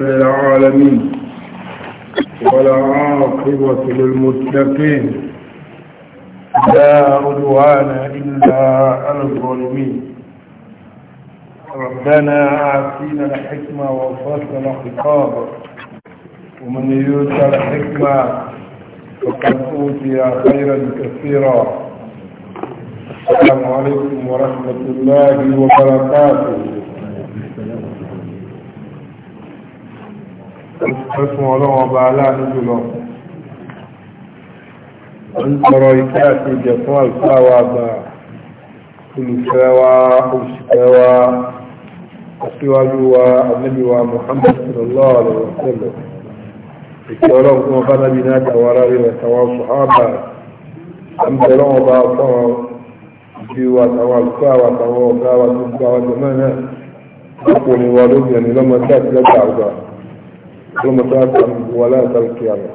العالمين ولا عاقبة للمتقين لا عدوان إلا على الظالمين ربنا آتينا الحكمة وفصل خطابه ومن يؤتى الحكمة فقد أوتي خيرا كثيرا السلام عليكم ورحمة الله وبركاته ẹfún ọlọ́wọ́ ọba aláàánú jùlọ ń tọrọ ìfẹ́ àti ìjẹ fún àlùfáàwà àgbà olùfẹ́ wa òṣìṣẹ́ wa aṣíwájú wa ànábì wa Muhammad sallallahu alaihi wa sallam ìfẹ́ ọlọ́run fún ọba nábì náà tàwárá rí rẹ̀ tàwọn sùhábà ń tọrọ ọba fún ìdí wa tàwọn ثم تاتى ولا تلقي عليه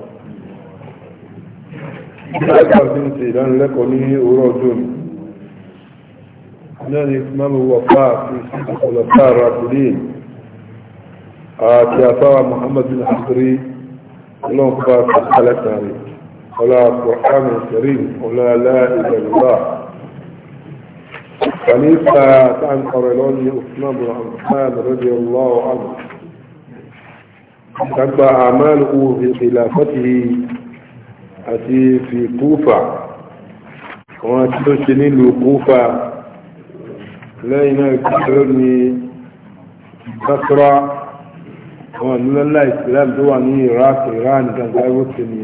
أكبر بنتي لأن لكني أرجون لأن إتمام الوفاء في خلفاء الراشدين آتي أطاع محمد بن حضري اللهم فاس الثلاثة عليك ولا القرآن الكريم ولا لا إله إلا الله خليفة عن قريلوني عثمان بن عفان رضي الله عنه gbagba àmàlù òfin ìlàfọ́tì àti fi kúfà wọn tí ó ṣe nílùú kúfà lẹ́yìn náà ìpínlẹ̀ ní basra wọn nílọ́lá ìsìlám tó wà ní iraq iran gàgbà ìwòsì ni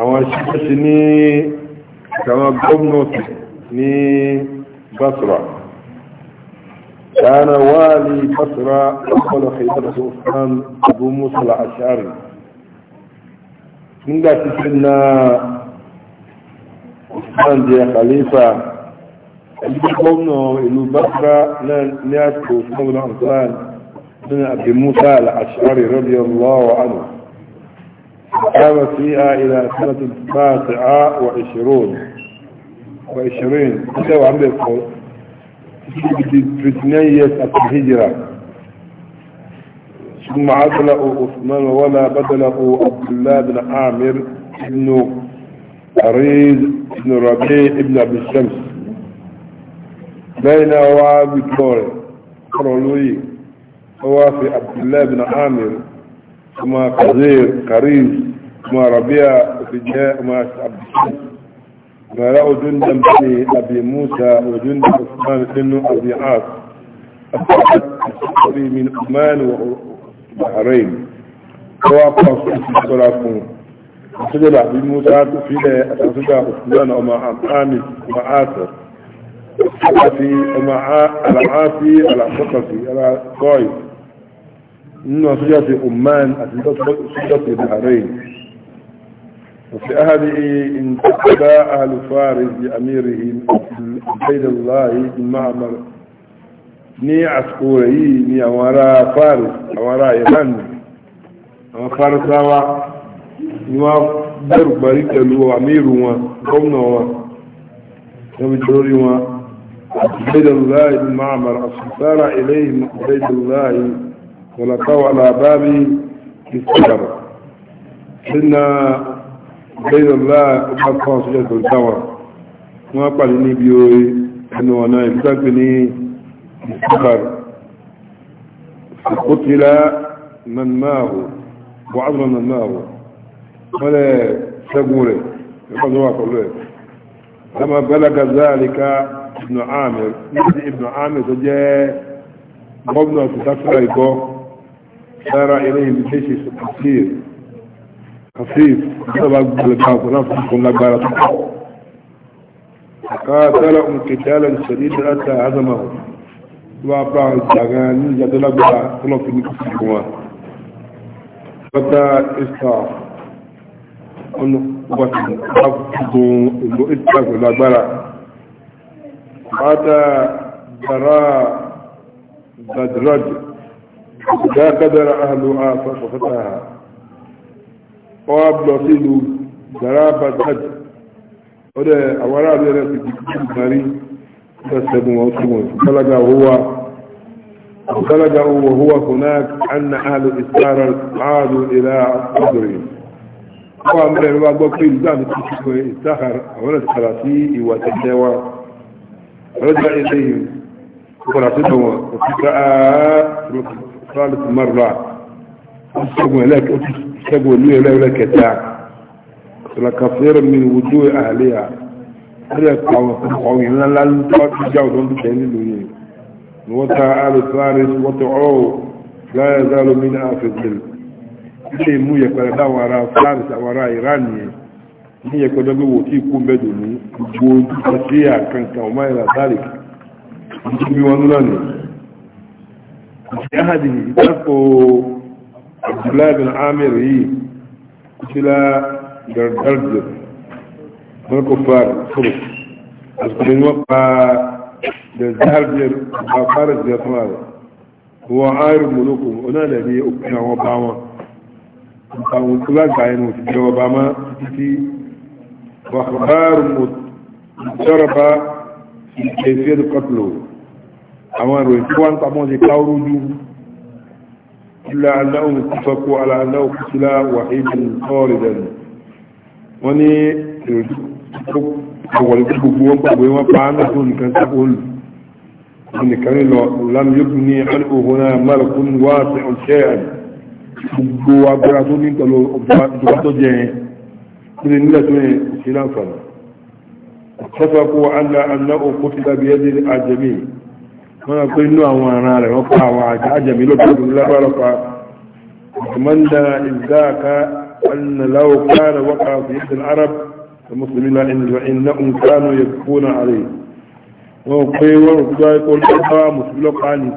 àwọn ṣíṣe ní àwọn gómìnà ní basra كان والي بصرى أول خيبة سلطان أبو موسى الأشعري من ذاك سيدنا عثمان دي خليفة اللي قلنا إلو بصرى نيات عثمان بن عثمان بن أبي موسى الأشعري رضي الله عنه قام فيها إلى سنة تاسعة وعشرون وعشرين كده وعمل في ثنية الهجرة ثم عزله عثمان ولا بدله عبد الله بن عامر بن عريض بن ربيع بن ابي الشمس بين وابي كوري كرولوي في عبد الله بن عامر ثم قزير قريز ثم ربيع ثم عبد الشمس مرأة جندا بني أبي موسى وجند عثمان بن أبي عاص أصبحت الشعري من عمان وبحرين وأقوى صوت الصلافون أسجل أبي موسى في أسجل عثمان ومع عامر وعاصر الثقفي ومع العاصي الثقفي على طائف إنه أسجل عمان أسجل صوت البحرين وفي أهل انتقب أهل فارس لأميره عبيد الله بن معمر ني عسكوري ني أورا فارس أورا يمن أو فارس أوا نوا بر بريت لو أمير الله بن معمر أصفار إليه الله ولقوا على بابي بالسجر إن بين الله ọba kan ṣẹlẹ̀ tó ń táwọn wọ́n pàdé níbi orí ẹnu ọ̀nà ìfúnpẹ́ ní ìfúnpẹ́ قتل من معه وعظم من معه ولا سجوره يقول هو كله لما بلغ ذلك ابن عامر ابن عامر جاء قبل أن تسافر صار إليه بشيء كثير خفيف قاتلهم قتالا شديدا حتى هزمهم وابرع الجغاني جدل بها طلب المكسرون فتى إسراف أنه وطن حفظ المؤسسة والأبرع حتى براء بدرج لا قدر أهلها ففتها wọ́n lọ sí ìlú zara baghdad ọdẹ àwọn aráàlú ẹ̀rẹ́ ti di kí ìgbàrí lọ́sẹ̀bùn wọn tí wọ́n kálága owó kálága owó owó kùnà anna alu isara alu ila ọdọrẹ wọ́n wà mẹ́rin wá gbọ́ pé ìlú àmì ti fi pé àwọn ẹ̀sìn sí ìwà tẹ̀tẹ̀ wa ọlọ́jà ilé yìí kọ̀rọ̀ àti tọ̀wọ̀n òfin sáà ṣẹ́gun ìlú ẹlẹ́kẹta ṣọlọ́kàfẹ́rọ mi wùdó àhàlẹ́ à ẹ̀rẹ́ pàwọn ọ̀rìn ńlá ńlá ń tọ́ ti já ọ̀dọ́ tó tẹ̀lé lò yẹn ni wọ́n ta alùsáré wọ́n tẹ ọ́ọ̀ láyé zálò mí ní àfẹ́sẹ̀lẹ̀ ilé ìmú yẹpẹrẹ dáwọn ará fáàrìs àwọn ará ìran yẹn ní yẹpẹrẹ dọ́gbé wò tí ikú mẹ́jọ ní gbogbo ojú sí àkànkàn ọmọ ìlà sáré nítorí wọn lọ́nà ní ìṣẹ́ àdìyí ìtàkùn abdullahi bin amir yi kutila gardarjir marko far furu a cikin wafa da zarjir ba fara da fara wa ayar muluku ona da ne ukuna wa bawa ba mu kula ga yin mutu da ba ma titi wa khabar mutaraba fi kayfiyat qatlu awon ro ti ta mo je kawruju إلا أنهم اتفقوا على أنه قتل وحيدا خالدا وني أول بقبوان بقبوان فعنا هون كان تقول إن كان لم يبني عنه هنا ملك واسع شيئا gbogbo agbára tó ní pẹ̀lú ọba tó jẹ yẹn nílé nílẹ̀ tó yẹn sí láǹfààní. sọ́sọ́ kó àlà àná òkú ti dàbí ẹ́ wọ́n rẹ̀ pé inú àwọn ara rẹ̀ wọ́n pa àwọn àjẹ́mì lókùnrin lábárọ́pa ìmọ́ndà ìzáàká annaláwò kára wọ́ka fi ìdìn arab da musulmi na iná nkanu ya kóna àrẹ wọ́n pé wọ́n rẹ̀ pé kó lọ́pàá musulmi lọ́pàá ni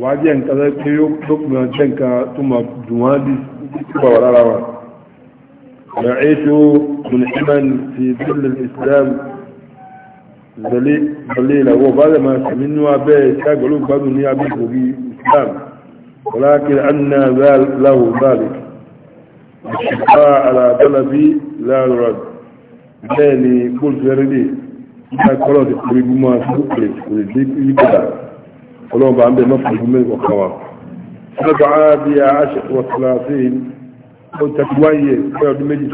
wájẹ́ nǹkan rẹ̀ pé lókùnrin jẹ́ nǹkan tó ma jùwádìí kúkúbà wà lára wa rẹ̀ ètò mùnìmán fi dìlẹ̀ islam ìdọ̀lé ìlàwọ̀ bá lè máa sàmì nínú abẹ́ ìṣẹ́ àgbẹ̀lú gbádùn ní abẹ́ ìgbòrí islam wọ́láàkiri anna láwò báàlì ìṣẹ́fà alábẹ́lábí láàrọ̀d bẹ́ẹ̀ ni bóòlùfẹ́rẹ́dẹ̀ ìgbà kọ́lọ̀ ti kúrò ibú máa fún òkèlè kò lè dé ìgbàdà ọlọ́ọ̀bà ń bẹ mọ́fàlú mẹ́rin ọ̀kan wa sọ́dọ̀ ààbí àṣẹ wọ́sálàfíìn ó tẹ̀síwáyé pé ọdún méjì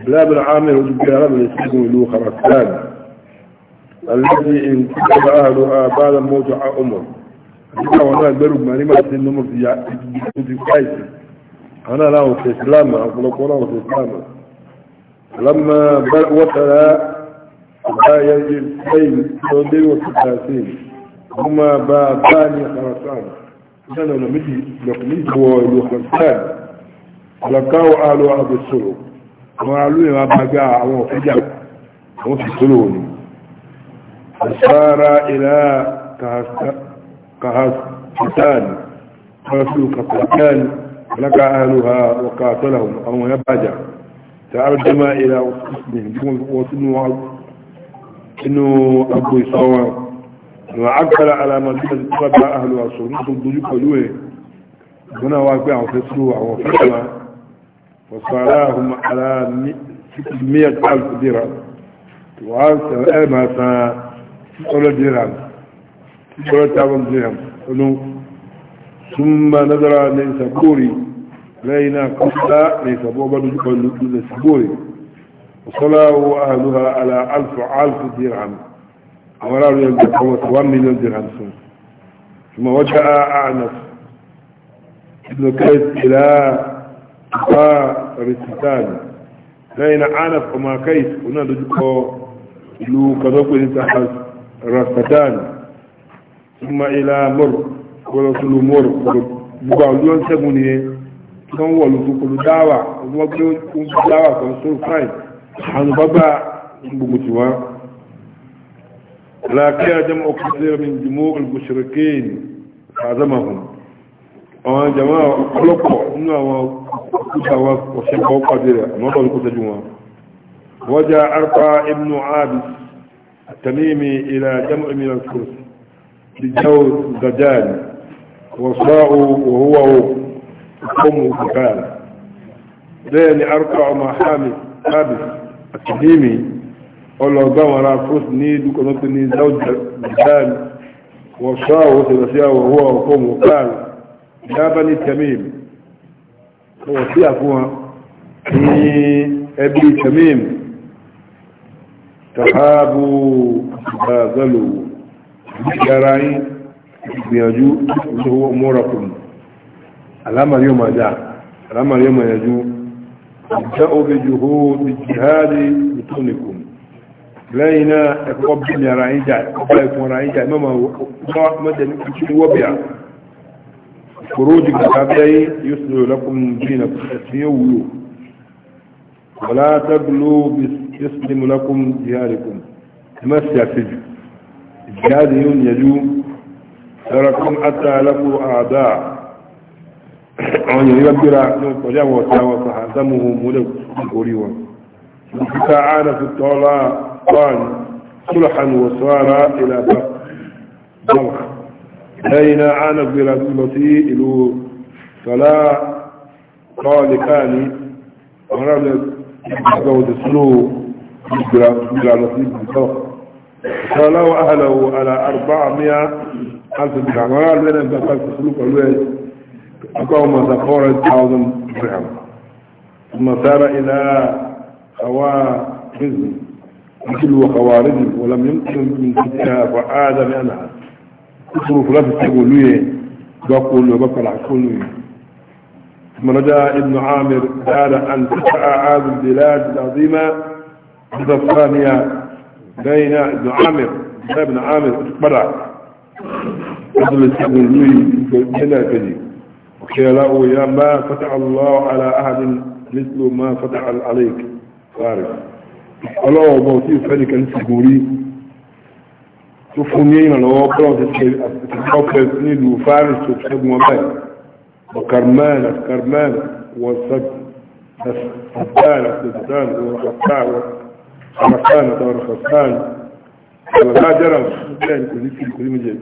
بلا بن وجبه رب بن سيدنا له خرسان الذي إن كتب أهلها بعد موت امر أنا وانا البرق ما نمع سن عمر في كايس أنا لا في إسلام أقول لك ولا في إسلام لما وصل لا آية سيد سودي وثلاثين هما بابان خرسان كان نمدي نقليد هو خرسان لقاو أهلها السلوك àwọn alóyìn wa bá gbá àwọn òfíjà àwọn fi tó lòun àṣára ilá kàhásítàn kọfí kàfàkàn laka ahluha wa qatalahum àwọn ya bàjá ta arjuma ila usmin wasu inu abu isawa wa akala ala madina tsaka ahluha so ni sun duju pẹ̀lú e muna wa pe àwọn fesu àwọn fesu وصلاهم على مئة ألف درهم وأنت أما سأولى درهم سأولى تعمل درهم ثم نظر لسبوري لينا قصة لسبوبة لسبوري وصلاه أهلها على ألف ألف درهم ورأوا يلدقوا وان مليون درهم ثم وجاء أعنف ابن كيس إلى rìsítàn lẹ́yìn náà anaf ọmọ akẹ́yìs oní àdójúkọ ìlú kazọ́pẹ́ ní rasatan súnmọ́ ilá mọ́rù kọlọ́sùlù mọ́rù gbogbo àwọn olóyún sẹ́gun nìyẹn tí wọ́n wọ̀ lóṣù pẹ̀lú dáwà wọ́n gbé oúnjẹ dáwà kan sórí fáìn àwọn bàbá gbogbo tiwa lákẹ́ àjẹmọ́ ọkùnrin min jùmọ́ olùgbòṣèrèkéènì fàázámàhùn àwọn jama ọlọ́pọ̀ nínú àwọn kúta wa ọ̀ṣẹ́ bọ́ pàdé rẹ̀ àmọ́ bọ́ lókúta jù wọn wọ́jà arpa ibn abis àtàmìmì ìlà jama ìmìnà kurs di jáwó dajjal wọ́sọ́ọ̀ wọ́wọ́ kọ́mù bukal bẹ́ẹ̀ ni arpa ọmọ hamid abis àtàmìmì ọlọ́gbà kurs ní dukọ̀nọ́tò ní jáwó dajjal wọ́sọ́ọ̀ wọ́sọ́ọ̀ wọ́wọ́ kọ́mù bukal ya bani tamim wọ́n sí àfúnwá ní ẹbí tamim tàhábù àgbàzálò yára yín gbìyànjú ìṣòwò mọ́rakùn alámàrí ọmọ ajá alámàrí ọmọ ìyànjú ìjá obi jùhó ti jihadi ìtónikùn lẹ́yìn náà ẹ̀kọ́ bí ní ara yín jà ẹ̀kọ́ ẹ̀kọ́ ara yín خروج الكتابي يسلو لكم دينكم يولو ولا تبلو يسلم لكم دياركم تمسع سجن الجهاد يجوم تركم حتى لكم أعداء وأن يبرع وجاء وتاوى فهزمهم ملوك سكريوا فكاعان في قال صلحا وصارا إلى بخ لينا عانك بلا بلتي إلو فلا قال كاني ورابل يبقوا تسلو بلا بلا نصيب بلتو فلا وأهله على أربع مئة ألف درهم ورابل بلا بلا تسلو فلوه أقوم ذكورة تاوزن درهم ثم سار إلى خوارزم كل خوارزم ولم يمكن من كتها فعاد منها اسمه kúrò láti sẹ́gun olú yẹn bá kó lu ọba ابن عامر قال أن تسعى هذه البلاد العظيمة عند الثانية بين ابن عامر ابن عامر اتبرع قبل التنوي بين الفجر وقيل له يا ما فتح الله على أحد مثل ما فتح عليك فارس الله موتي فلك أنت تقولي tó fún ní ìrànlọ́wọ́ pọ́lọ́n ti ṣe ọ̀pẹ́ nílùú faris tó ṣẹ́gun wọn báyìí وكرمان كرمان وسدان سدان ورخصان ورخصان ورخصان فلا جرى سدان كل في كل مجال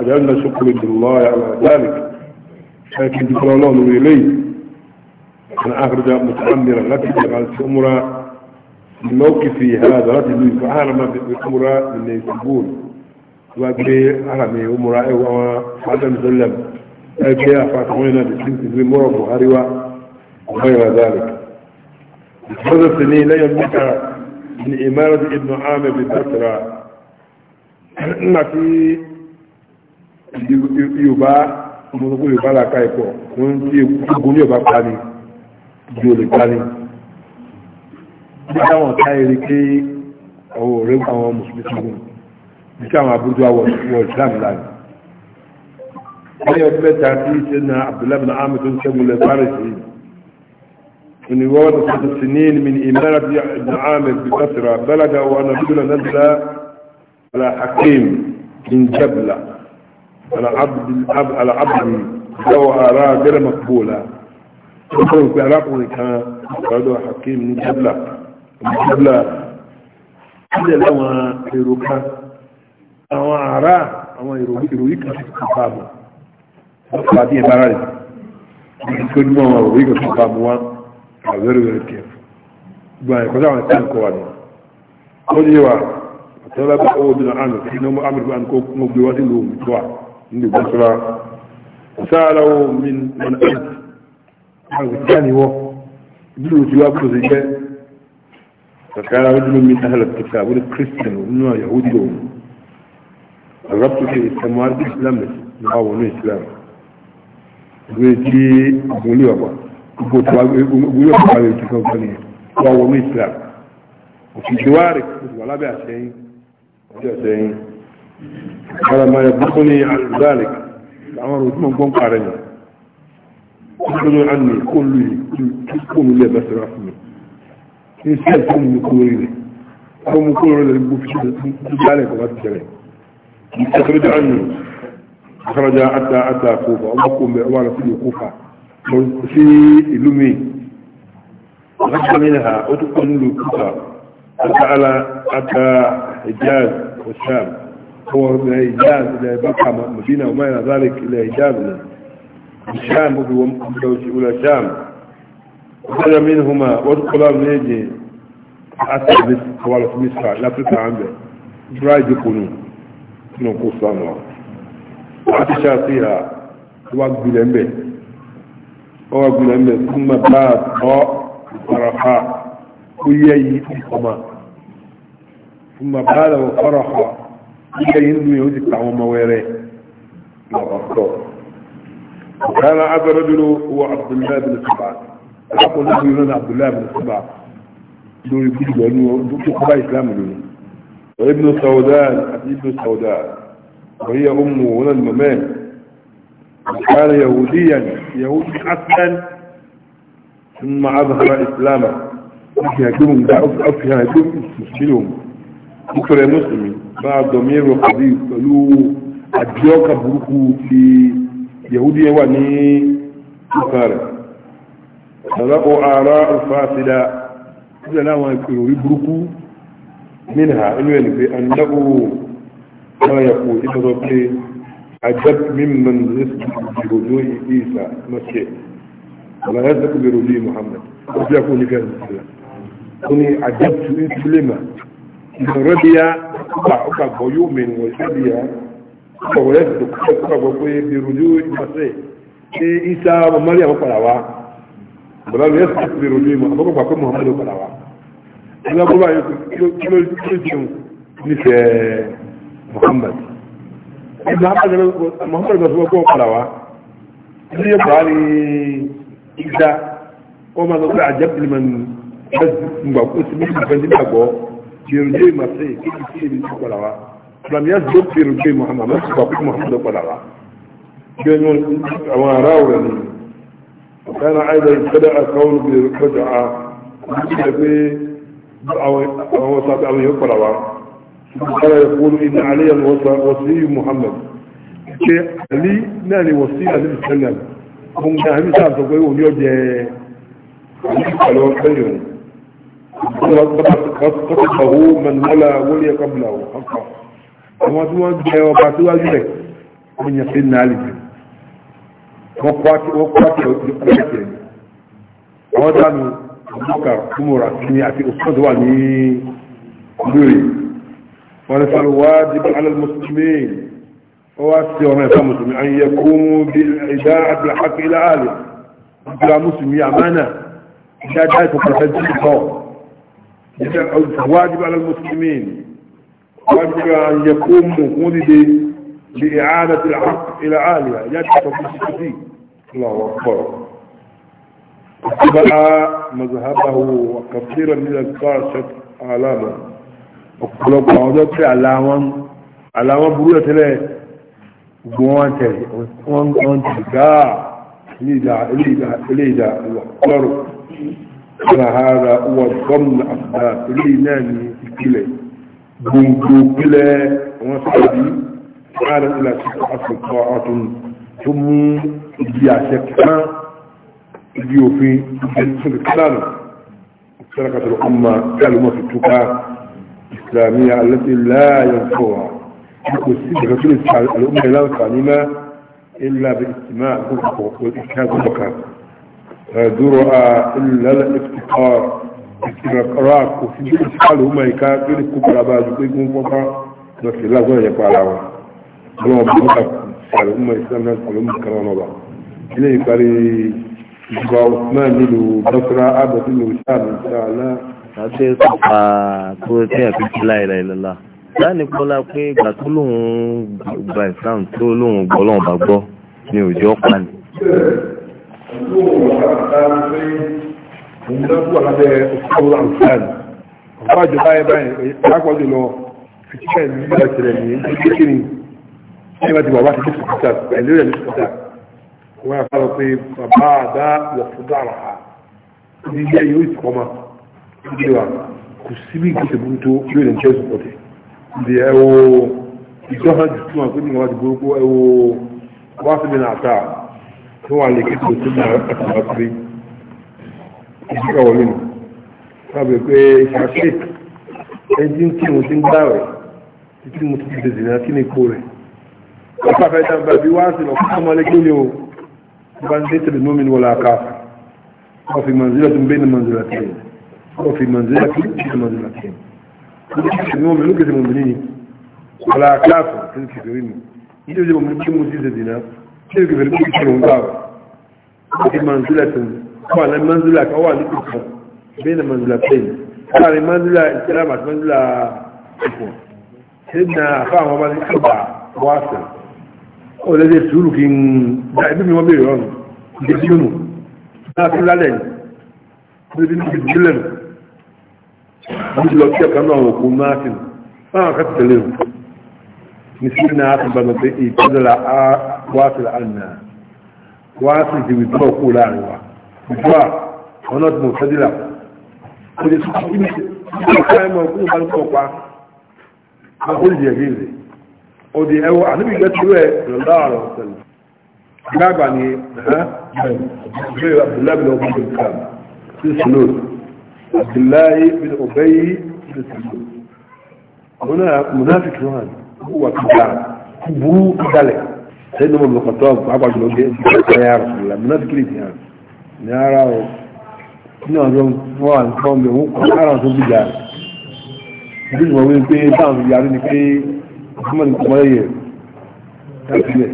أجعلنا شكرا لله على ذلك لكن ذكر الله إليه أن أخرج متعمرا لك جعلت أمرا موقفي هذا رجل ما بالأمراء من يسبون أرمي أمراء وحدا مسلم أبيع فاتحونا بسنة مرض وهروة وغير ذلك هذا السنين لا يملك من إمارة ابن عامر ببصرة ما في يباع mo sọ pé yorùbá la ka ẹ̀kọ́ wọn ti gbóni yorùbá dáwọn táyẹ̀rí pé ọwọ́ rẹ̀ àwọn mùsùlùmí ní kí àwọn abúrúdú àwọ̀ islam láàrin lẹ́yìn ọdún mẹ́ta tí ṣe na abdullahi na ahmed tó ń ṣẹ́gun lẹ́ fárẹ̀sì ni wọ́n ti sọ́tọ̀ sí ní min imara ti na ahmed bí kásìrà bẹ́lága wa na bíbélà nàbílà ala hakim bin jabla ala abdi gawa ara gẹ́rẹ́ makbola tó kọ́ ìpè arákùnrin kan lọ́dọ̀ hakim ní jabla ìjọba ilẹ̀ láwọn èrò kan àwọn ará àwọn ìròyìn kan sí ìpamọ́ wọ́n fà bí ìbára rẹ̀ wọ́n tó nímọ̀ àwọn ìròyìn kan sí ìpamọ́ wọn àwẹ́rẹ́wẹ́rẹ́ kẹf gbọ́n ẹ̀kọ́ sáwọn ẹ̀kọ́ ẹ̀kọ́ wà ní ó ní wa àtọ́lá bá owó bí àmì kí ní ọmọ àmì bá ń kó mọ́ gbé wá sí ìlú òmìnira wà nílùú gbọ́sọ́lá sáàlá wo mi nà ẹ̀kọ́ ìjániwọ́ ìlú òtí wá bó ṣe فكان رجل من أهل الكتاب ولا كريستيان ومنها يهود يوم الربط في السموات الإسلام أو الإسلام ويجي أقولي أبا أقولي أبا يتكلم فني أو الإسلام وفي جوارك ولا بأس شيء ولا شيء قال ما يبلغني عن ذلك الأمر وثم قم قارني كل عني كل كل كل لي بس رحمه iṣẹ́ ìṣẹ́ ìmúkúrò rẹ̀ àwọn ìmúkúrò rẹ̀ gbogbo fi ṣe dálẹ̀ kọ̀ láti ṣẹlẹ̀ ìṣẹ́kẹ̀rẹ́jà ánù àkàràjà àtà àtà kófà ọmọkùn bẹ ọmọ àti ìlú kófà lọ sí ìlú mi ọmọkùnrin ha ó tún kọ́ nílùú kófà àtà àlà àtà ìjáàz ọ̀ṣàm ọwọ́ ilẹ̀ ìjáàz ilẹ̀ bàkà mọ̀dínà ọmọ ìlà zálẹ̀ ilẹ̀ ìjáàz ilẹ̀ ìṣàm ó fi wọ́n kọ́ وكان منهما وادخل نيجي أسبس حوالة مصر لا عنده تتعامل دراج من نقول الله عتشا فيها واق بلنبه واق بلنبه ثم باب ضاء فرحا كيي السماء ثم بال وفرحا ويأي ينزم يوجد تعمل مويريه الله أكبر وكان هذا رجل هو عبد الله بن سبعان akọni fún yìí lọ́nà abdullahi bin sábà lórí gbígbọ́ ní ọdún tó kọ́ bá ìsìlámù lónìí wọ́n ibùdó sàwọ́dá àti ibùdó sàwọ́dá wọ́n yẹ ọmọ wọn náà mọ̀mẹ́ وكان يهوديا يهودي اصلا ثم اظهر اسلامه يهجمهم افهم يهجم مسلمهم مكر مسلمين مع الضمير والقضيب قالوا اديوك بروكو في يهودية واني مكارب ọ̀lọ́pọ̀ ara alfasida nígbà láwọn ìpèròrí burúkú mínà inú ẹni pé annáwó náà yàpò ìtọ́sọ pé ajab mímman lẹ́sìkò ló ìsà mọ́sẹ̀ ọ̀lọ́yẹ́sẹ̀kù bẹ̀rù lé muhammad ó bí akó ní kẹrin sílá ó ní ajab tu ìsúlẹ̀mà ìrọ̀rẹ́bíyá ọgbà gbọ́ yóò mẹ́rin wọ̀ ìsẹ́bíyá ọgbà wọ̀lẹ́sẹ̀kù bẹ̀rù lé mọ́sẹ̀ ṣe ìsà mọ́mọ́lẹ́ àwọn padà wá bọ̀dá ló yẹ kí lè ròyìn ìmọ̀ àbọ̀kọ̀ pàpẹ́ muhammadu padà wá alábọ́lá yẹ kí ló jẹun nífẹ̀ẹ́ muhammad ibùdó àbájáde muhammad bá sọ́kọ́ padà wá ilé yẹ bàá ní ìdá wọ́n máa sọ pé àjẹpìlì mọ̀ nígbà kó sí mí nígbà tí gbàgbọ́ lè ròyìn ìmọ̀ sí kí lè sí ibi tó padà wá ìlànà yẹ kí lè ròyìn muhammad bá sọ́kọ́ muhammad padà wá bí wọ́n àwọn ará òrẹ̀ nìyí وكان عايزة يبتدع كونه برجعة يقول في وسط أو يقرأ قال يقول إن علي وصي محمد شيء علي ناني وصي النبي صلى الله عليه هم ناهمي سابسا قيوه يوجه قالوا خير قصده من ولا ولي قبله حقا وما سوى جاء وقاتوا أجلك من يقين عليك wọ́n kwace wọ́n kwace ọ̀dọ́kẹ́ àwọn dánú abubakar umura kini àti usman wà ní lórí wọ́n ní sọ́rọ̀ wá dìbò alal musulmi wọ́n wá sí ọ̀rọ̀ ẹ̀fà musulmi an yẹ kó mú bí ìdá àti àkàkì ilá àlè ìgbà musulmi àmánà ìdá dáì fún pàtàkì ìtọ́ wá dìbò alal musulmi wá dìbò an yẹ kó mú kún dìde لإعادة الحق إلى عالية يجب تبسيطي الله أكبر اتبع مذهبه وكثيرا من الكاشف أعلاما وقلوب عوضات علاما علاما برؤية له وانت وانت داع ليدا ليدا ليدا الله أكبر فهذا هو ضمن أسباب ناني كله بندو كله وانت تعالى إلى أصل طاعة ثم إبيا ما إبيو في جنسل كلام سرقة الأمة كلمة التقى الإسلامية التي لا ينفوها والسيدة كل الأمة لا تعلمها إلا بالاستماع والإشهاد والبكاء درع إلا الافتقار استغراق في الإشهاد هما يكاد يكون كبرى بعض يكون فوقا لكن لا يكون على واحد àwọn ọba ọba àlùmọ ìsìlámù náà àlùmọ kan wọn ọba ilé ìparí ìjọba Usman nílùú Basra abẹ́sí ní ìṣàlù ìṣàlá. àti sọ̀pà tó tí ẹ̀ fi kílá ìlà ìlọ́lá láàánú kọ́lá pé ìgbà tó lóun gba ìsìlámù tó lóun gbọ́ lóun bá gbọ́ ní òjò ọ̀pá ni. òun lọ́wọ́ alábẹ́ òṣèlú àǹfààní ọ̀pá ìjọba ẹ̀ báyìí lápọ̀ jùlọ fìtíkẹ́ ìlú ìgbà tẹ̀lẹ̀ ní ẹgbẹ́ ti bàbá ti ní sùkúta pẹ̀lú rẹ̀ ní sùkúta wọ́n yà fọ́lọ́ pé bàbá àdá wọ̀fúdà rà á ní ilé yóò ìtọ́mà ìdí wa kò sí bí ìgbésẹ̀ burú tó yóò lè jẹ́ sùpọ̀tẹ̀ ìdí ẹwọ ìjọba ti túmọ̀ pé nígbà ti burúkú ẹwọ wá síbi náà ta tó wà lè kí tó tó náà àti wá síbi ìdíkà wọlé nù sábẹ̀ pé ṣàṣe ẹni tí mo ti ń gbà rẹ̀ títí mo ti ti dèjì náà kí ni ipò rẹ̀ ọ̀pàfẹ́ ìdàmbà bí wá sí lọ fún ọmọlé kí ni o bá ń tẹ́tẹ̀lẹ̀ mọ́mìn wọlé aká wọ́n fi manzila tó ń bẹ́ ní manzila tẹ̀ wọ́n fi manzila tó ń bẹ́ ní manzila tẹ̀ wọ́n ti tẹ̀lé mọ́mìn lókè tẹ̀ mọ́mìn yìí wọlé aká fún kí ni kìfèrè mi ní ìdíje mọ́mìn kí mo ti ṣe dìnnà kí ni kìfèrè kí kìfèrè ń bá wọ́n fi manzila tó wà ní manzila kan wà ní kìfèrè bẹ́ ní manzila tẹ̀ láàrin manzila ìsìlámù àti manzila ìfọ̀ ṣé ní àfáà wọn bá ní kí wọ́n wá ọ̀lẹ́dẹ̀ sùúrù kí n dá ibi mi wọ́n bèèrè ọ̀rùn ìdí tí lónù náà fi lálẹ̀ ní ibi tí ìdí lẹ́nu wọ́n ti lọ sí ọ̀kan náà òkú martin náà kà ti tẹ̀lé o ní sí náà ti bàmọ̀ pé ìtọ́jọ́lá wáṣìlá àná wáṣìlá ti ibi tí ó kọ́ ẹ̀mọ́ kó bá ń kọ́ pa àwọn olùdíyẹ̀ gẹ́gẹ́ òdì ẹwọ́ àníbì jẹ́ tí rẹ̀ lọ́láàrọ̀ ọ̀sẹ̀lẹ̀ gbàgbà ni ẹ̀hẹ́ abdullahi bin ọgbọ̀n bin kam sí sinod abdullahi bin ọbẹ̀yí sí sinod àwọn náà munafik náà kó wà kíkà burú kíkàlẹ̀ sẹ́yìn ní ọmọ kọ̀tọ́ pàápàá jùlọ bí ẹ̀sìn kọ̀tọ́ yà rọ̀ sọ̀rọ̀ munafik lè fi hàn ní ara o ní ọjọ́ wọn à ń kọ́ mi òun ara tó bí yà bí pé táwọn fi yarí pé muhammad kumaye ta fiye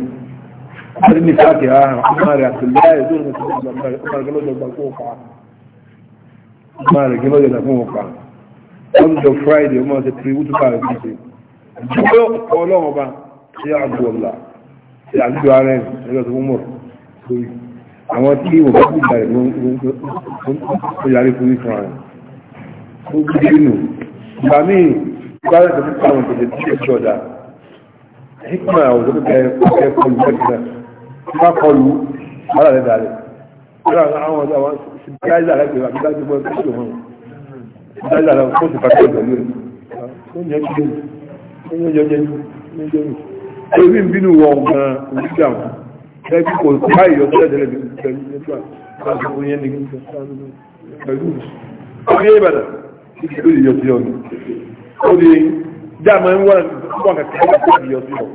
har ni ta ke ha umar abdullahi ya zo da su umar galo da bako fa umar galo da bako fa on the friday umar ta tri wutu ba ki ce ko kolon ba ya abdullah ya abdullah ne ya zo umar to àwọn tí wọ́n bá gbígbà rẹ̀ ló yàrí fún ìfún ààrẹ ó gbígbé nù gbàmí ìgbàlẹ̀ tó fún àwọn tẹ̀lẹ̀ tí ó ṣọ́dá hikima òwúrọ̀ bẹ ẹ kọlu mẹ́tìlá tí wọ́n kọlu ọ̀rọ̀ rẹ̀ dàrẹ̀ ọ̀rọ̀ àwọn ọ̀dọ́ àwọn sìgáìzà rẹ̀ pẹ̀lú àbídájú bọ́ ẹ̀kọ́ tó wọn sìgáìzà rẹ̀ kó sì pàtó pẹ̀lú rẹ̀ ó yẹ kí lóyún ó yẹ yẹ yẹ yẹ yẹ ebi bínú wọn gan onígbà wọn ẹbí kò báyìí yọ sílẹ̀ tẹ́lẹ̀ pẹ̀lú nípa láti fún yẹn nìkan pẹ̀lú ọ̀rẹ́ ìbàdàn ìṣèlú ìyọ̀ sí ọ̀nà ó di dáàmà ń wọ́n wọ́n kàkà ó ti yọ sí ọ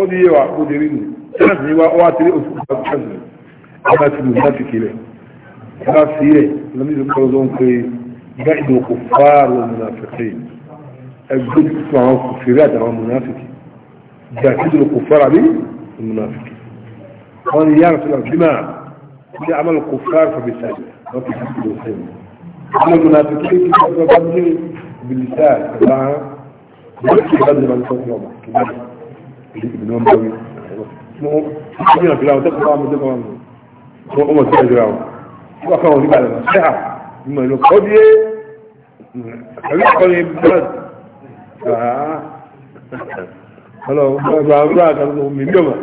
ó ní yé wa ó di rí ni sáàsì ni wa ó wá tẹ́lẹ̀ oṣù tó bá sáàsì rẹ̀ ọba ti lù ní láti kéré ọba sí rẹ̀ lọ́mí ìlú kan tó ń pe bá ìlú kò fáàrọ̀ mùnàfẹ́fẹ́ ẹgbẹ́ tó àwọn kò fèrè àtàwọn mùnàfẹ́fẹ́ ìgbà tí ìlú kò fára bí mùnàfẹ́fẹ́ wọ́n ni yára sọ́la bímà ní amálù kò fáàrọ̀ fàbí sáàsì wọ́n ti fi ìlú sẹ́yìn. ọmọ mùnàfẹ́fẹ́ ti sọ lọ́sí ìbámu ní ọjọ́ àwọn tẹ́kọ̀ọ́ àwọn tẹ́kọ̀ọ́ àwọn ọmọ sí ẹ̀jọ́ àwọn tí wọ́n fáwọn onígbà lọ́wọ́ ṣẹ́hà ní mọ̀ ìlú kọ́ díẹ̀ ẹ̀rí akọni blood ọlọ ọgbà ọgbà àtàkùn omi ní ọmọ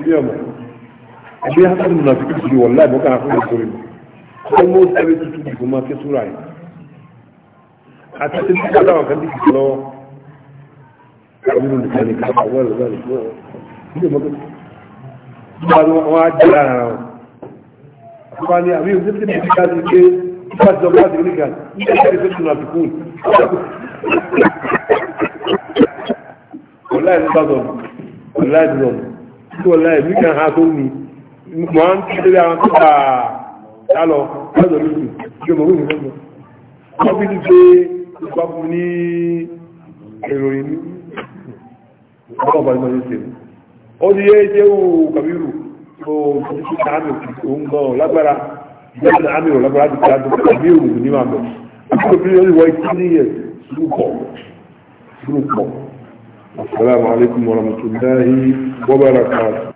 ní ọmọ ẹbí hasan munafiki ti di wọn láì bọ́kà fún ọmọ sẹ́rẹ̀ tuntun ìgbòmọ́ akẹ́sùrà nínú nìkan nìkan àwọn ẹ̀rọ náà nìkan nílé mọ́tò nígbà tí wọ́n á jẹ́ ara wọn àkọ́kọ́ ni àbí òṣèlú tí nìkan ti gbé nígbà tí wọ́n bá ti nìkan nígbà tí wọ́n ti nà fi kún wọ́n láì nípa sọ̀rọ̀ wọ́n láì nípa sọ̀rọ̀ tí wọ́n láì nìkan ha tó ní mọ̀ á ń tẹ́lẹ̀ àwọn tó bá a lọ lọ́dọ̀ lóṣù tí ó mọ̀ wọ́n ní wọ́n wọ́n fi ní pé ìpapò ní èrò ìlú ọlọ́ọ̀bá ní ọdún sí ó ní yé jẹ́ òun kàbírù tó ti fi àmì òun gan lágbára ìgbésẹ̀ àmì òun lágbára ti ká dùn àmì òun ní máa bẹ̀ àkókò bí wọ́n wọ ikú ní yẹ sùúrùpọ̀ sùúrùpọ̀ Assalamu alaikum warahmatullahi wabarakatuh